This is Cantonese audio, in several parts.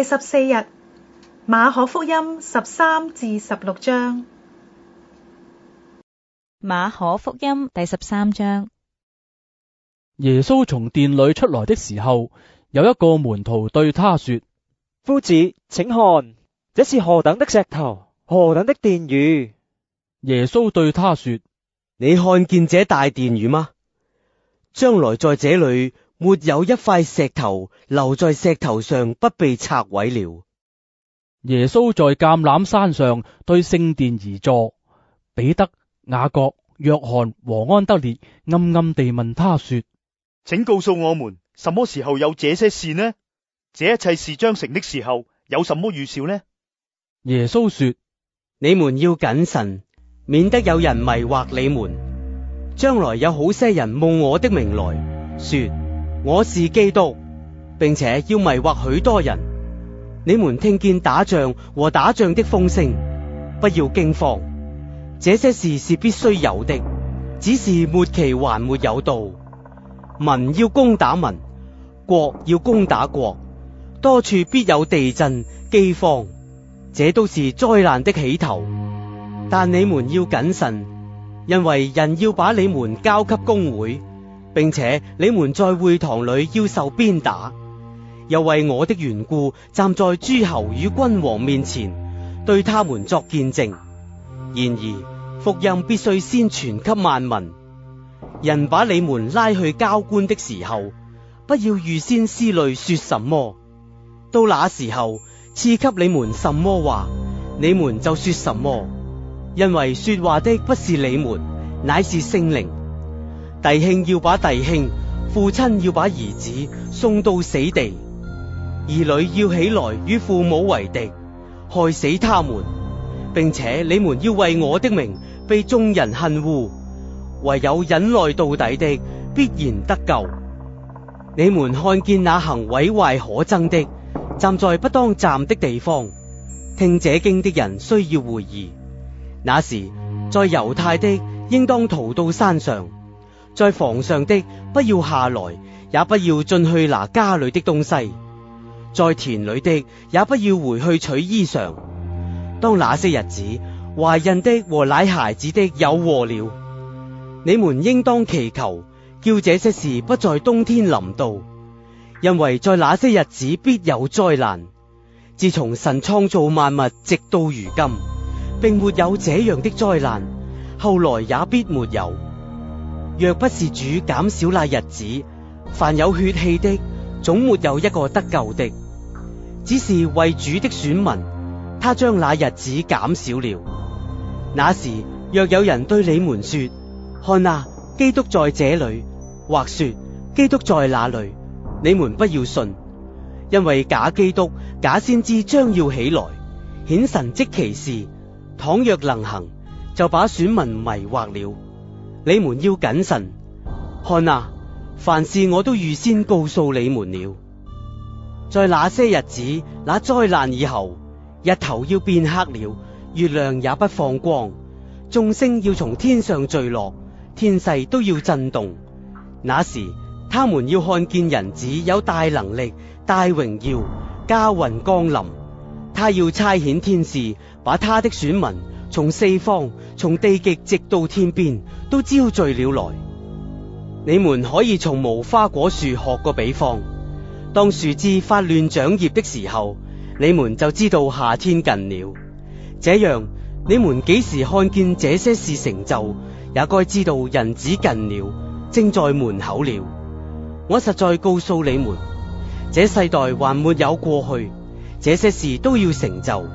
第十四日馬可福音十三至十六章，馬可福音第十三章。耶穌從殿裏出來的時候，有一個門徒對他說：夫子，請看，這是何等的石頭，何等的殿宇！耶穌對他說：你看見這大殿宇嗎？將來在這裏。沒有一塊石頭留在石頭上，不被拆毀了。耶穌在橄欖山上對聖殿而坐，彼得、雅各、約翰和安德烈暗暗地問他說，請告訴我們什麼時候有這些事呢？這一切事將成的時候有什麼預兆呢？耶穌說，你們要謹慎，免得有人迷惑你們。將來有好些人冒我的名來說。我是基督，並且要迷惑許多人。你們聽見打仗和打仗的風聲，不要驚慌。這些事是必須有的，只是末期還沒有到。民要攻打民，國要攻打國，多處必有地震、饑荒，這都是災難的起頭。但你們要謹慎，因為人要把你們交給公會。並且你們在會堂裏要受鞭打，又為我的緣故站在諸侯與君王面前，對他們作見證。然而福音必須先傳給萬民。人把你們拉去交官的時候，不要預先思慮說什麼。到那時候，賜給你們什麼話，你們就說什麼。因為說話的不是你們，乃是聖靈。弟兄要把弟兄，父親要把兒子送到死地，兒女要起來與父母為敵，害死他們，並且你們要為我的名被眾人恨惡。唯有忍耐到底的，必然得救。你們看見那行毀壞可憎的，站在不當站的地方，聽這經的人需要回憶。那時，在猶太的，應當逃到山上。在房上的不要下來，也不要進去拿家裏的東西；在田裏的也不要回去取衣裳。當那些日子懷孕的和奶孩子的有禍了，你們應當祈求，叫這些事不在冬天臨到。因為在那些日子必有災難。自從神創造萬物直到如今，並沒有這樣的災難，後來也必沒有。若不是主減少那日子，凡有血氣的總沒有一個得救的。只是為主的選民，他將那日子減少了。那時，若有人對你們說：看啊，基督在這裏，或說基督在那裏，你們不要信，因為假基督、假先知將要起來，顯神蹟奇事，倘若能行，就把選民迷惑了。你們要謹慎，看啊！凡事我都預先告訴你們了。在那些日子，那災難以後，日頭要變黑了，月亮也不放光，眾星要從天上墜落，天勢都要震動。那時，他們要看見人子有大能力、大榮耀、駕雲降臨。他要差遣天使，把他的選民從四方、從地極直到天邊。都招聚了來。你們可以從無花果樹學個比方，當樹枝發亂長葉的時候，你們就知道夏天近了。這樣，你們幾時看見這些事成就，也該知道人子近了，正在門口了。我實在告訴你們，這世代還沒有過去，這些事都要成就。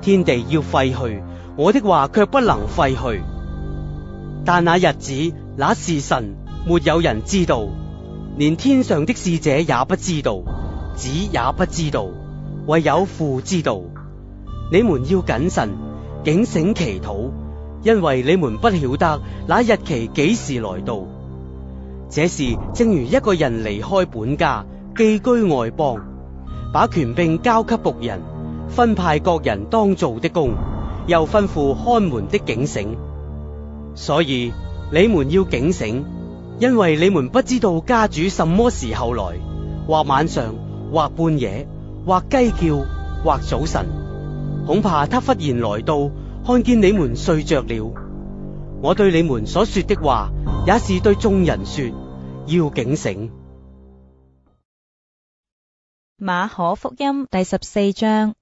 天地要廢去，我的話卻不能廢去。但那日子，那是神，沒有人知道，連天上的使者也不知道，子也不知道，唯有父知道。你們要謹慎，警醒祈禱，因為你們不曉得那日期幾時來到。這時，正如一個人離開本家，寄居外邦，把權柄交給僕人，分派各人當做的工，又吩咐看門的警醒。所以你們要警醒，因為你們不知道家主什麼時候來，或晚上，或半夜，或雞叫，或早晨，恐怕他忽然來到，看見你們睡着了。我對你們所說的話，也是對眾人說，要警醒。馬可福音第十四章。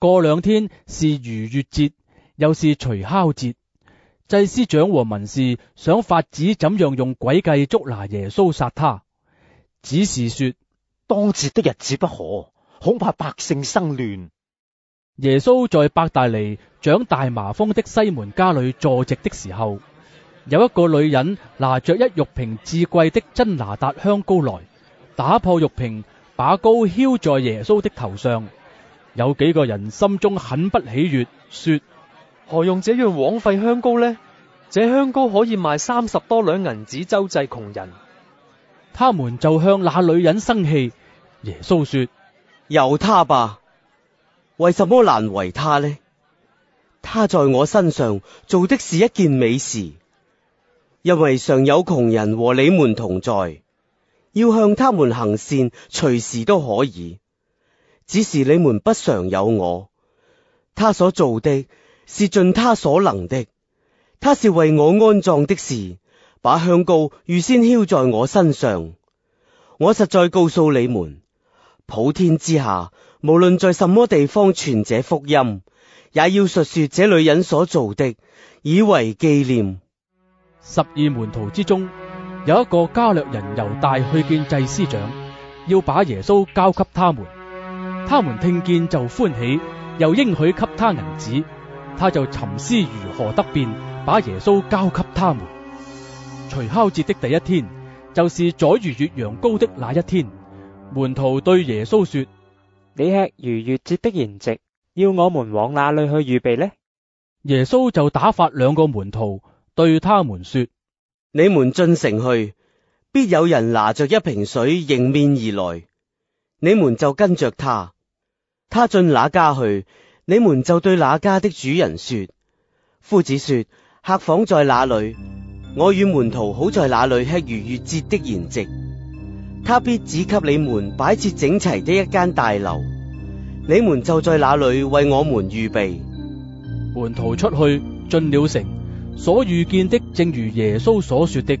過兩天是逾越節，又是除酵節。祭司長和文士想法子，怎樣用詭計捉拿耶穌殺他，只是說當節的日子不可，恐怕百姓生亂。耶穌在伯大尼長大麻風的西門家裏坐席的時候，有一個女人拿着一玉瓶至貴的真拿達香膏來，打破玉瓶，把膏澆在耶穌的頭上。有幾個人心中很不喜悅，說。何用這樣枉費香膏呢？這香膏可以賣三十多兩銀子，周濟窮人。他們就向那女人生氣。耶穌說：由他吧，為什麼難為他呢？他在我身上做的是一件美事，因為常有窮人和你們同在，要向他們行善，隨時都可以。只是你們不常有我，他所做的。是盡他所能的，他是為我安葬的事，把香膏預先澆在我身上。我實在告訴你們，普天之下無論在什麼地方傳這福音，也要述說這女人所做的，以為紀念。十二門徒之中有一個加略人猶大去見祭司長，要把耶穌交給他們。他們聽見就歡喜，又應許給他銀子。他就沉思如何得變，把耶穌交給他們。除酵節的第一天，就是宰逾越羊羔的那一天。門徒對耶穌說：你吃逾越節的筵席，要我們往哪裏去預備呢？耶穌就打發兩個門徒對他們說：你們進城去，必有人拿着一瓶水迎面而來，你們就跟着他。他進哪家去？你們就對那家的主人說：，夫子說客房在哪裡？我與門徒好在哪裡吃逾越節的筵席。他必指給你們擺設整齊的一間大樓。你們就在那裡為我們預備。門徒出去進了城，所遇見的正如耶穌所說的，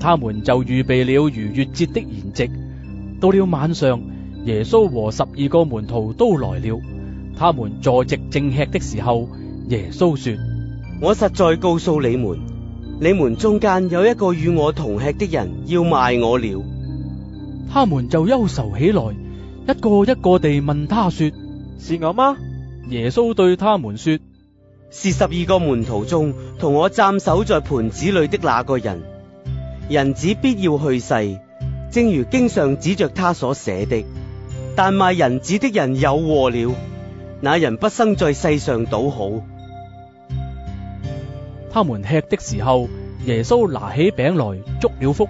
他們就預備了逾越節的筵席。到了晚上，耶穌和十二個門徒都來了。他們坐席正吃的時候，耶穌說：我實在告訴你們，你們中間有一個與我同吃的人要賣我了。他們就憂愁起來，一個一個地問他說：是我嗎？耶穌對他們說：是十二個門徒中同我蘸手在盤子裏的那個人。人子必要去世，正如經上指着他所寫的。但賣人子的人有禍了。那人不生在世上倒好。他們吃的時候，耶穌拿起餅來，祝了福，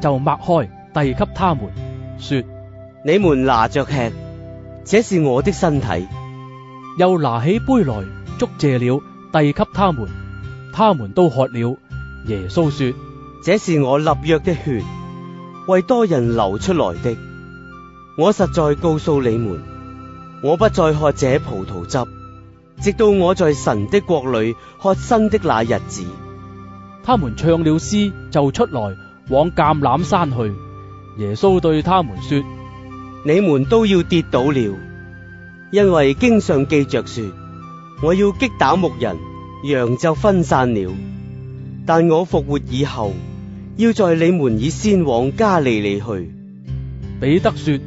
就擘開，遞給他們，說：你們拿着吃，這是我的身體。又拿起杯來，祝謝了，遞給他們，他們都喝了。耶穌說：這是我立約的血，為多人流出來的。我實在告訴你們。我不再喝這葡萄汁，直到我在神的國裏喝新的那日子。他們唱了詩就出來往橄欖山去。耶穌對他們說：你們都要跌倒了，因為經常經上記着說：我要擊打牧人，羊就分散了。但我復活以後，要在你們以先往加利利去。彼得說。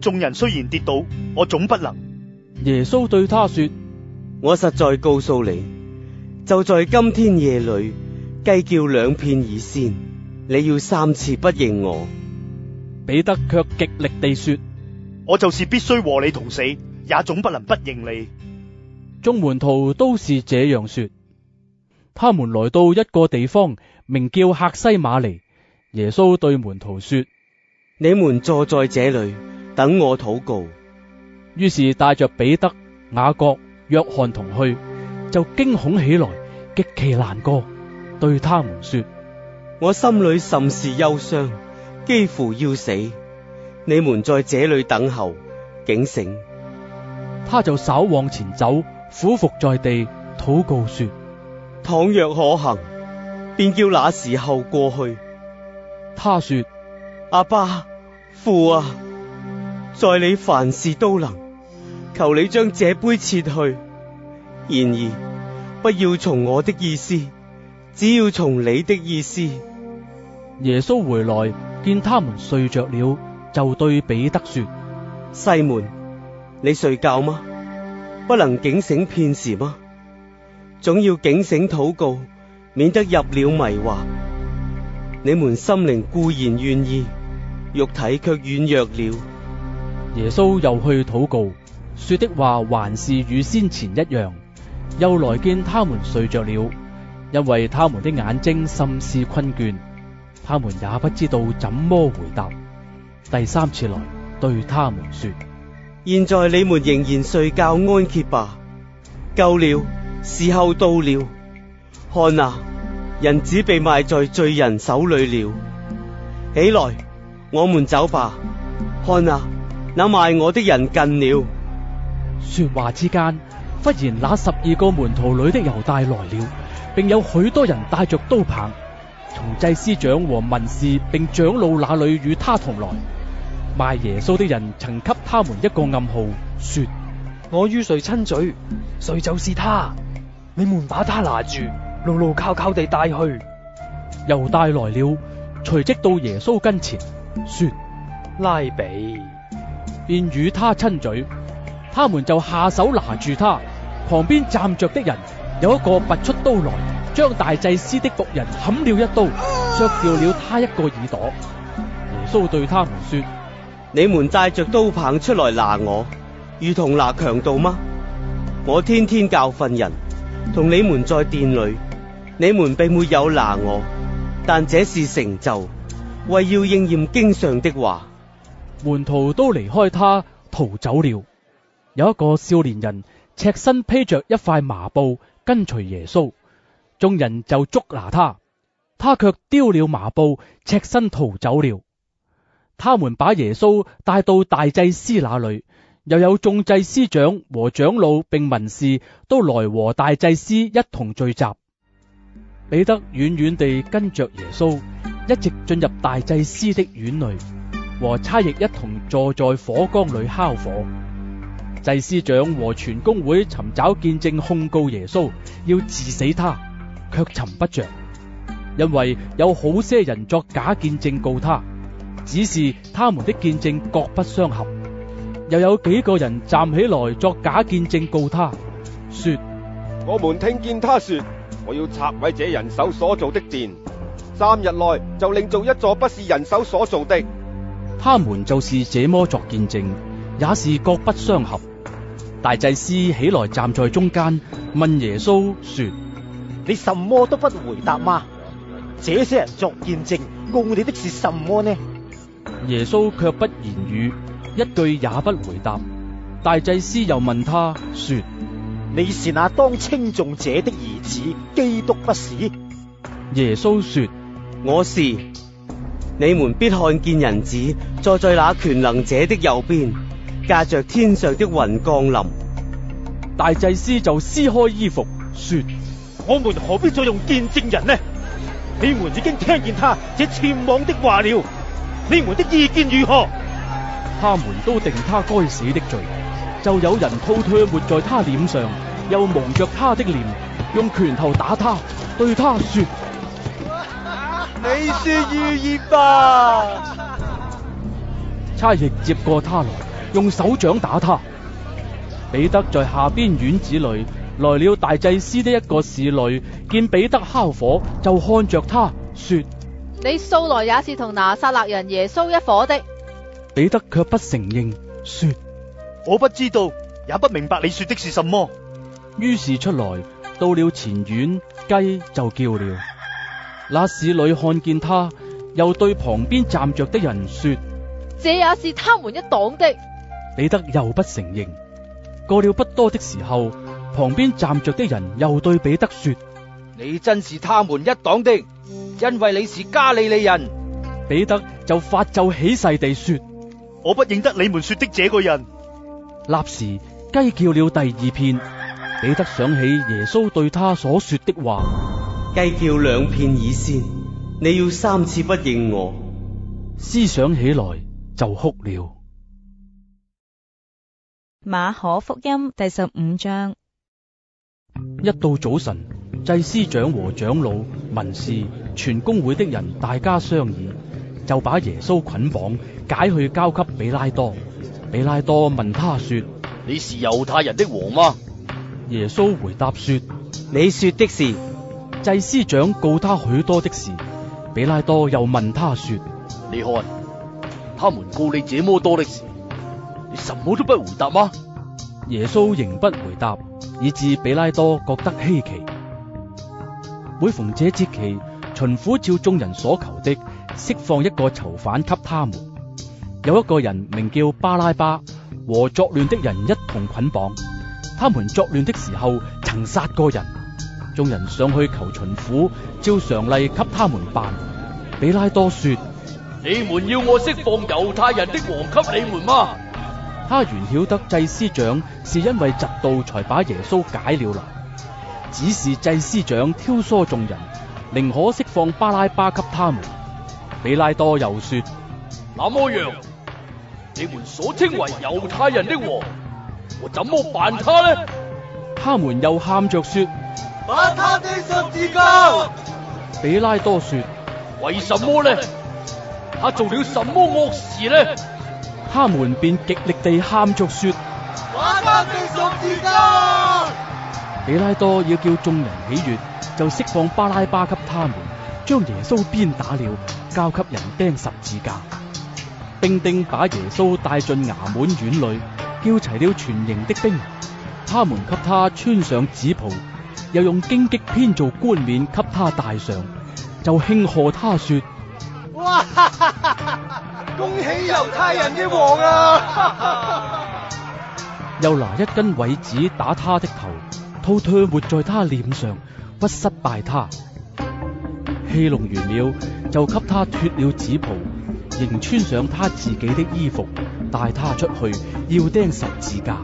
眾人雖然跌倒，我總不能。耶穌對他說：我實在告訴你，就在今天夜裏，雞叫兩遍以前，你要三次不認我。彼得卻極力地說：我就是必須和你同死，也總不能不認你。眾門徒都是這樣說。他們來到一個地方，名叫客西馬尼。耶穌對門徒說：你們坐在這裏。等我禱告，於是帶着彼得、雅各、約翰同去，就驚恐起來，極其難過，對他們說：我心裏甚是憂傷，幾乎要死。你們在這裏等候，警醒。他就稍往前走，俯伏在地，禱告說：倘若可行，便叫那時候過去。他說：阿爸，父啊！在你凡事都能，求你將這杯撤去。然而不要從我的意思，只要從你的意思。耶穌回來見他們睡着了，就對彼得說：西門，你睡覺嗎？不能警醒片時嗎？總要警醒禱告，免得入了迷惑。你們心靈固然願意，肉體卻軟弱了。耶穌又去禱告，說的話還是與先前一樣。又來見他們睡着了，因為他們的眼睛甚是困倦，他們也不知道怎麼回答。第三次來，對他們說：現在你們仍然睡覺安歇吧，夠了，時候到了。看啊，人子被賣在罪人手裏了。起來，我們走吧。看啊！那賣我的人近了。說話之間，忽然那十二個門徒裏的猶大來了，並有許多人帶着刀棒，從祭司長和文士並長老那裏與他同來。賣耶穌的人曾給他們一個暗號，說：我與誰親嘴，誰就是他。你們把他拿住，牢牢靠靠地帶去。猶大來了，隨即到耶穌跟前，說：拉比。便與他親嘴，他們就下手拿住他，旁邊站着的人有一個拔出刀來，將大祭司的僕人砍了一刀，削掉了他一個耳朵。耶穌對他們說：你們帶着刀棒出來拿我，如同拿強盜嗎？我天天教訓人，同你們在殿裏，你們並沒有拿我，但這事成就，為要應驗經上的話。門徒都離開他逃走了。有一個少年人赤身披着一塊麻布跟隨耶穌，眾人就捉拿他，他卻丟了麻布，赤身逃走了。他們把耶穌帶到大祭司那裏，又有眾祭司長和長老並文士都來和大祭司一同聚集。彼得遠遠地跟着耶穌，一直進入大祭司的院裏。和差役一同坐在火光裏烤火，祭司長和全公會尋找見證控告耶穌，要治死他，卻尋不着，因為有好些人作假見證告他，只是他們的見證各不相合。又有幾個人站起來作假見證告他，說：我們聽見他說，我要拆毀這人手所做的殿，三日內就另做一座不是人手所做的。他們就是這麼作見證，也是各不相合。大祭司起來站在中間，問耶穌說：你什麼都不回答嗎？這些人作見證，告你的是什麼呢？耶穌卻不言語，一句也不回答。大祭司又問他說：你是那當稱重稱頌者的兒子，基督不是？耶穌說：我是。你們必看見人子坐在那權能者的右邊，駕着天上的雲降臨。大祭司就撕開衣服，說：我們何必再用見證人呢？你們已經聽見他這僭妄的話了，你們的意見如何？他們都定他該死的罪，就有人吐唾沫在他臉上，又蒙着他的臉，用拳頭打他，對他說。你說預言吧。 差役接過他來，用手掌打他。彼得在下邊院子裏，來了大祭司的一個侍女，見彼得烤火，就看着他說：你素來也是同拿撒勒人耶穌一伙的。彼得卻不承認，說：我不知道，也不明白你說的是什麼。於是出來到了前院，雞就叫了。那使女看見他，又對旁邊站着的人說：這也是他們一黨的。彼得又不承認。過了不多的時候，旁邊站着的人又對彼得說：你真是他們一黨的，因為你是加利利人。彼得就發咒起誓地說：我不認得你們說的這個人。立時雞叫了第二遍，彼得想起耶穌對他所說的話。雞叫兩片以先，你要三次不應我。思想起來就哭了。馬可福音第十五章。一到早晨，祭司長和長老、文士、全公會的人大家商議，就把耶穌捆綁解去交給彼拉多。彼拉多問他說：你是猶太人的王嗎？耶穌回答說：你說的是。祭司長告他許多的事，比拉多又問他說：你看，他們告你這麼多的事，你什麼都不回答嗎？耶穌仍不回答，以致比拉多覺得稀奇。每逢這節期，巡撫照眾人所求的，釋放一個囚犯給他們。有一個人名叫巴拉巴，和作亂的人一同捆綁。他們作亂的時候，曾殺過人。眾人上去求巡撫，照常例給他們辦。彼拉多說：你們要我釋放猶太人的王給你們嗎？他原曉得祭司長是因為嫉妒才把耶穌解了來，只是祭司長挑唆眾人，寧可釋放巴拉巴給他們。彼拉多又說：那麼樣，你們所稱為猶太人的王，我怎麼辦他呢？他們又喊着說。把他釘十字架。比拉多說：為什麼呢？他做了什麼惡事呢？他們便極力地喊着說：把他釘十字架。比拉多要叫眾人喜悅，就釋放巴拉巴給他們，將耶穌鞭打了，交給人釘十字架。兵丁把耶穌帶進衙門院裏，叫齊了全營的兵，他們給他穿上紫袍。又用荊棘編做冠冕給他戴上，就慶賀他說：哇！ 恭喜猶太人的王啊！ 又拿一根葦子打他的頭，吐唾沫在他臉上，屈膝拜他。戲弄完了，就給他脫了紫袍，仍穿上他自己的衣服，帶他出去要釘十字架。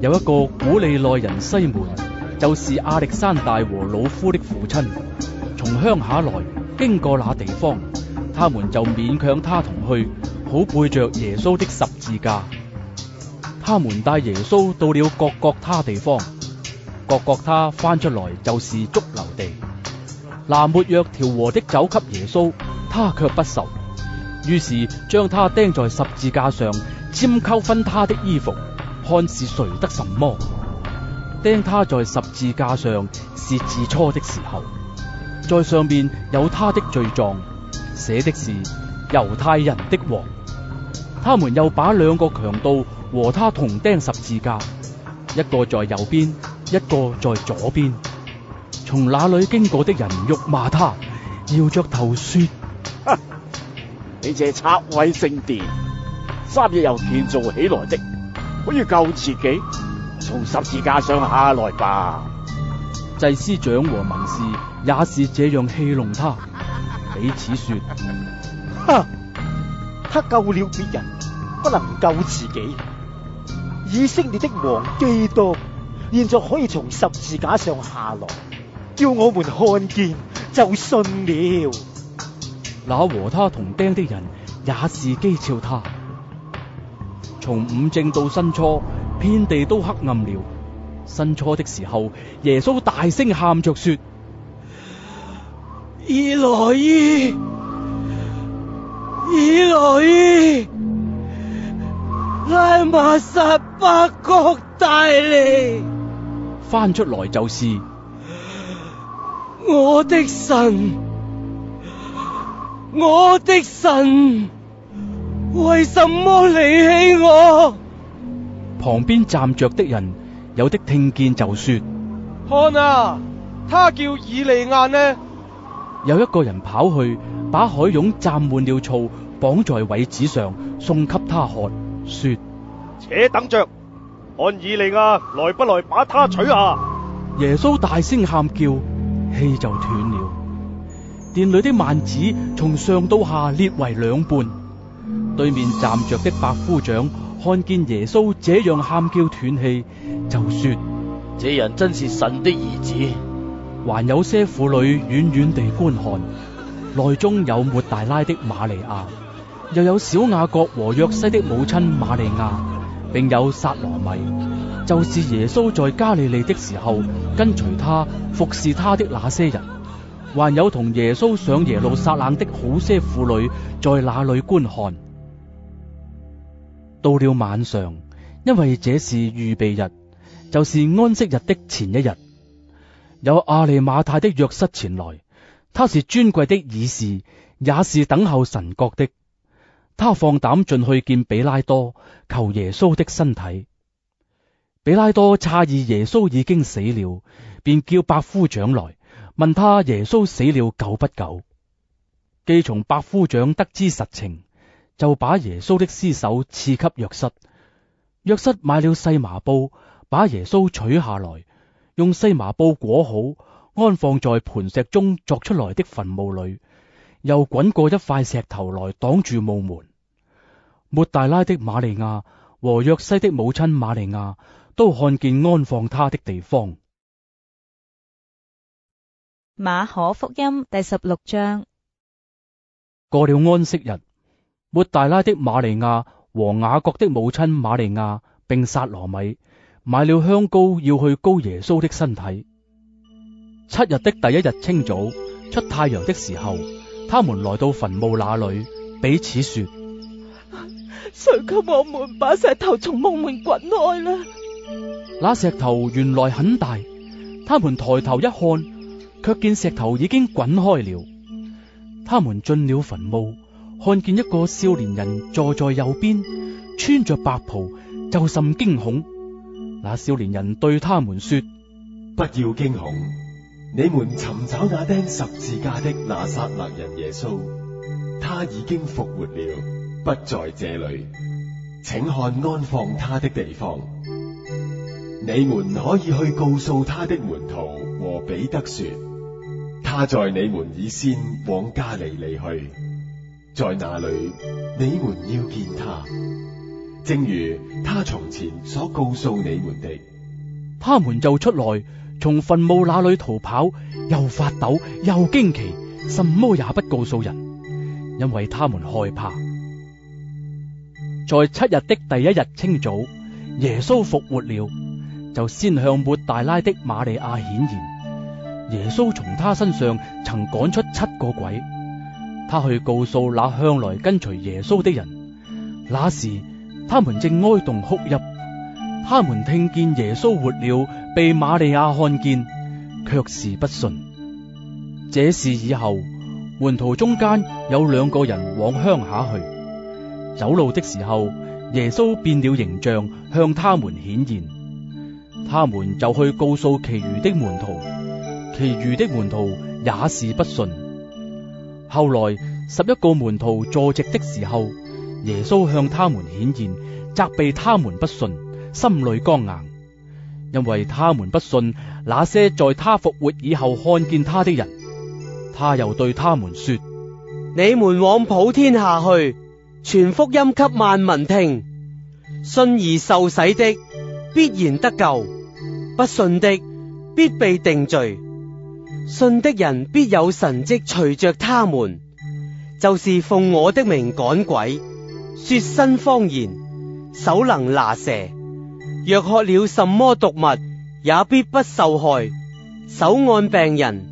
有一個古利奈人西門。就是亞歷山大和魯孚的父親，從鄉下來經過那地方，他們就勉強他同去，好背着耶穌的十字架。他們帶耶穌到了各各他地方，各各他翻出來就是髑髏地。拿沒藥調和的酒給耶穌，他卻不受，於是將他釘在十字架上，尖鈎分他的衣服，看是誰得什麼。釘他在十字架上是巳初的時候，在上面有他的罪狀，寫的是猶太人的王。他們又把兩個強盜和他同釘十字架，一個在右邊，一個在左邊。從那裏經過的人辱罵他，搖着頭說： 你這拆毀聖殿，三日又建造起來的，可以救自己。從十字架上下來吧。祭司長和文士也是這樣戲弄他，彼此說：哈、 啊，他救了別人，不能救自己。以色列的王基督，現在可以從十字架上下來，叫我們看見就信了。啊、了信了，那和他同釘的人也是譏笑他。從午正到申初。遍地都黑暗了。申初的時候，耶穌大聲喊着說：以羅伊，以羅伊，拉瑪撒巴各大利。翻出來就是，我的神，我的神，為什麼離棄我？旁邊站着的人，有的聽見就說：看啊，他叫以利亞呢！有一個人跑去，把海涌蘸滿了醋，綁在葦子上，送給他喝，說：且等着，看以利亞，來不來把他取下？耶穌大聲喊叫，氣就斷了。殿裏的幔子從上到下裂為兩半，對面站着的百夫長。看見耶穌這樣喊叫斷氣，就說：這人真是神的兒子。還有些婦女遠遠地觀看，內中有抹大拉的馬利亞，又有小雅各和約西的母親馬利亞，並有撒羅米，就是耶穌在加利利的時候跟隨他服侍他的那些人，還有同耶穌上耶路撒冷的好些婦女，在那裏觀看。到了晚上，因為這是預備日，就是安息日的前一日，有亞利馬太的約瑟前來，他是尊貴的議士，也是等候神國的。他放膽進去見彼拉多，求耶穌的身體。彼拉多詫異耶穌已經死了，便叫百夫長來，問他耶穌死了久不久，既從百夫長得知實情。就把耶穌的屍首賜給約瑟。約瑟買了細麻布，把耶穌取下來，用細麻布裹好，安放在磐石中鑿出來的墳墓裏，又滾過一塊石頭來擋住墓門。抹大拉的馬利亞和約西的母親馬利亞都看見安放他的地方。馬可福音第十六章。過了安息日，抹大拉的瑪利亞和雅各的母親瑪利亞，並撒羅米，買了香膏，要去膏耶穌的身體。七日的第一日清早，出太陽的時候，他們來到墳墓那裏，彼此說：誰給我們把石頭從墓門滾開呢？那石頭原來很大，他們抬頭一看，卻見石頭已經滾開了。他們進了墳墓。看見一個少年人坐在右邊，穿着白袍，就甚驚恐。那少年人對他們說：不要驚恐，你們尋找那釘十字架的拿撒勒人耶穌，他已經復活了，不在這裏，請看安放他的地方。你們可以去告訴他的門徒和彼得說，他在你們以先往加利利去。在那裏，你們要見他，正如他從前所告訴你們的。他們就出來，從墳墓那裏逃跑，又發抖又驚奇，什麼也不告訴人，因為他們害怕。在七日的第一日清早，耶穌復活了，就先向抹大拉的馬利亞顯現。耶穌從他身上曾趕出七個鬼。他去告訴那向來跟隨耶穌的人，那時他們正哀慟哭泣，他們聽見耶穌活了，被瑪利亞看見，却是不信。這事以後，門徒中間有兩個人往鄉下去，走路的時候，耶穌變了形象向他們顯現，他們就去告訴其餘的門徒，其餘的門徒也是不信。後來十一個門徒坐席的時候，耶穌向他們顯現，責備他們不信，心裡剛硬，因為他們不信那些在他復活以後看見他的人。他又對他們說：你們往普天下去，傳福音給萬民聽。信而受洗的必然得救，不信的必被定罪。信的人必有神跡隨着他們，就是奉我的名趕鬼，說新方言，手能拿蛇，若喝了什麼毒物，也必不受害，手按病人，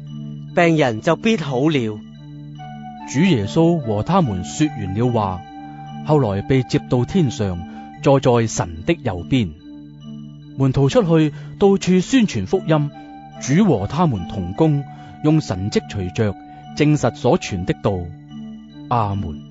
病人就必好了。主耶穌和他們說完了話，後來被接到天上，坐在神的右邊。門徒出去，到處宣傳福音。主和他們同工，用神蹟隨着證實所傳的道。阿門。